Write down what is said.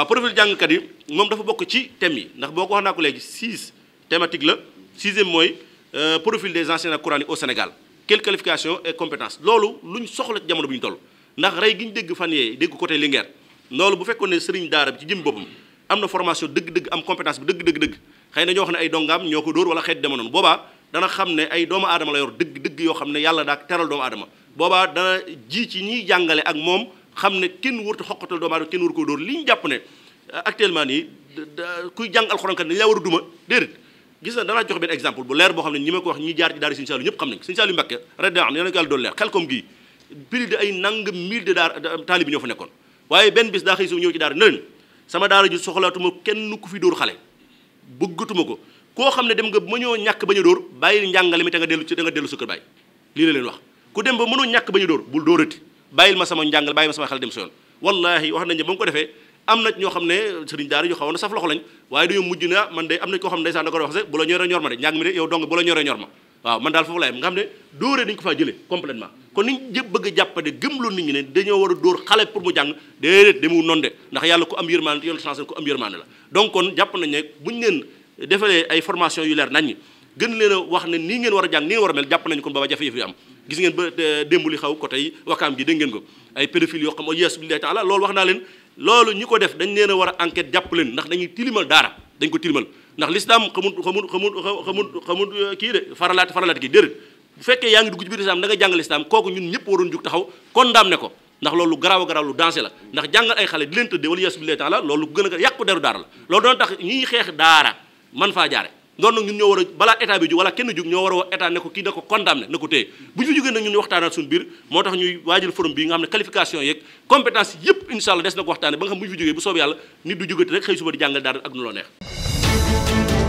waaw profil jàngkat yi moom dafa bokk ci thèmes yi ndax boo ko wax naa ko léegi six thématique la sixième mooy euh, profil des enseignants coraniques au Sénégal quelle qualification et compétence loolu luñ soxla jamono bu ñu toll ndax rey gi ñu dégg fan yee dégg côté Linguère loolu bu fekkoon ne sëriñ daara bi ci jëm boppam am na formation dëgg-dëgg am compétence bi dëgg-dëgg-dëgg xëy na ñoo xam ne ay dongaam ñoo ko dóor wala xeet dema noonu boobaa dana xam ne ay doomu la yor dëgg-dëgg yoo xam ne yàlla daa teral doomu boobaa dana ji ci ñiy jàngale ak moom xam ne kenn wërta xoqatal doomu aadama kenn wër ko dóor li ñu jàpp ne actuellement nii kuy jàng alxuraan kat dañ laa a duma déedéet gis na danaa jox benn exemple bu leer boo xam ne ñi ma ko wax ñi jaar ci daara Sëñ a ko yàlla doon leer xelkom daar taali bi ñoo fa nekkoon waaye benn bis daa xëy su ñëw ci daara na leen sama daara ji ku fi dóor xale bëggatuma ko koo xam ne dem nga ba ñoo ñàkk bañ a bàyyi njàngale mi te nga dellu te nga dellu sa kër bàyyi lii la leen wax ku dem ba mënoo a dóor bul ma sama njàngal bàyyi ma sama xale dem wax nañ ne ba mu ko defee am na ñoo xam ne sëriñ daara yu xawoon na saf loxo lañ waaye dañoo mujj na ah, man de am na koo xam ne ko wax sax bu la ñoree ñor ma de daal nga xam ne dóoree dañ ko faa jëlee complètement kon niñ bëgg a jàppade gëm lu nit ñi ne dañoo war a dóor xale pour mu jàng déedéet damu non de ndax yàlla ko am yërmaande yonent sansen ku am yërmaande la donc kon jàpp nañ ne buñ leen defalee ay formation yu leer nañ ñi gën leen wax ne nii ngeen war a jàng nii ngeen war a mel jàpp nañ kon baba jafe-jafe yi am gis ngeen ba euh, li xaw ko yi wakaam gi dégg ngeen ko ay pédophile yoo xam a yeesu billahi wax naa leen loolu ñi ko def dañ leen war a enquête jàpp leen ndax dañuy tilimal daara dañ ko tilimal ndax l'islam xamul xamul xamul xamul xamul euh, kii de faralaat faralaat gi déedéet bu fekkee yaa ngi dugg ci biir l'islam da nga jàng l'islam kooku ñun ñëpp waroon jug taxaw condamné ko ndax loolu garaaw garaaw lu dansé la ndax jàngal ay xale di leen tëddee wala yasubillahi taala loolu gën a yàqu deru daara la loolu doon tax ñiy xeex daara man faa jaare loolu nag ñun ñoo war a balaa état bi jug wala kenn jug ñoo war a wax état ne ko kii na ko condamné na ko téye bu ñu jógee nag ñun waxtaanal suñu biir moo tax ñuy waajal forum bi nga xam ne qualification yeeg compétence yëpp incha des na ko waxtaane ba nga xam bu ñu fi jógee bu soob yàlla nit du jógate rek xëy suba di jàngal daara ak nu loo neex